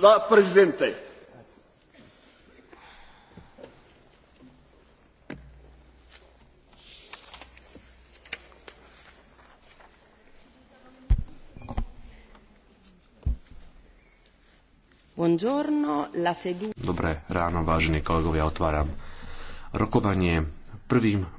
La prezidente. Dobré ráno, vážení kolegovia, otváram rokovanie. Prvým